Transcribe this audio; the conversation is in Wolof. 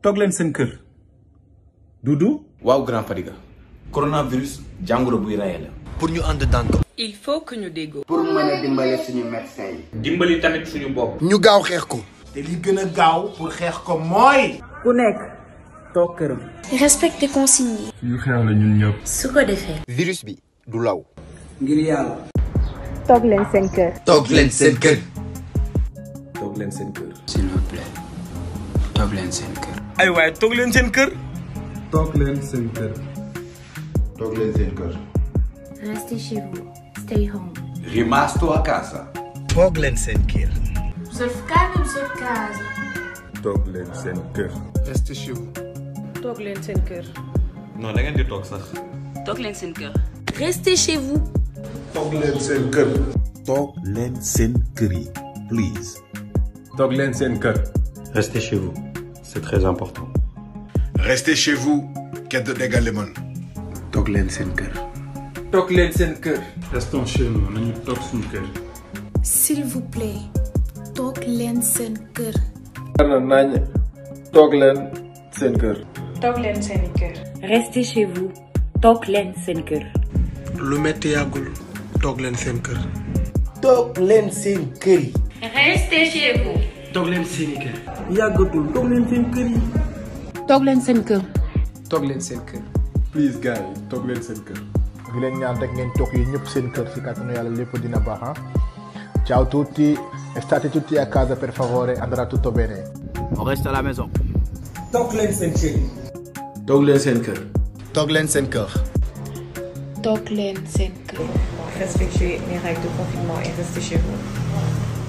toglen Doudou. Wow grand coronavirus un buy pour nous en il faut que nous dégo pour nous dimbalé suñu médecin dimbali tamit suñu Nous ñu gaaw xex ko. té li pour ko ku nekk. consigne yu la ñun virus bi du law. ngir yalla toglen sen keur toglen s'il vous plaît. toog leen seen kër. ay waaye toog leen seen kër. toog leen seen kër. toog leen seen kër. restez chez vous. stay home. rimasto a casa. toog leen seen kër. Msonekane msonekazi. toog leen seen kër. restez chez vous. toog leen seen kër. non da ngeen di toog sax. toog leen seen kër. restez chez vous. toog leen seen kër. toog leen seen kër yi please. toog leen seen kër. restez chez vous. c'est très important. Restez chez vous, Ked Degalemon. Toglen Senker. Toglen Senker. Restons chez nous, Toglen Tog Senker. S'il vous plaît, Toglen Senker. Toglen Senker. Senker. Restez chez vous, Toglen Senker. Le à Tok Toglen Senker. Toglen Senker. Restez chez vous. toglen leen seen i kër. yàggatul toog seen kër yi. toog seen kër. toog seen kër. please guy toglen toog leen seen kër. di leen ñaan rek ngeen toog yi ñëpp seen kër si kàttanu yàlla lépp dina baax ah. ciao tutti e state tutti a casa per favore andrà tutto bene. on reste à la maison. toglen leen seen kër. toglen leen seen kër. toglen leen seen kër. toog seen kër. respectez les règles de confinement et restez chez vous.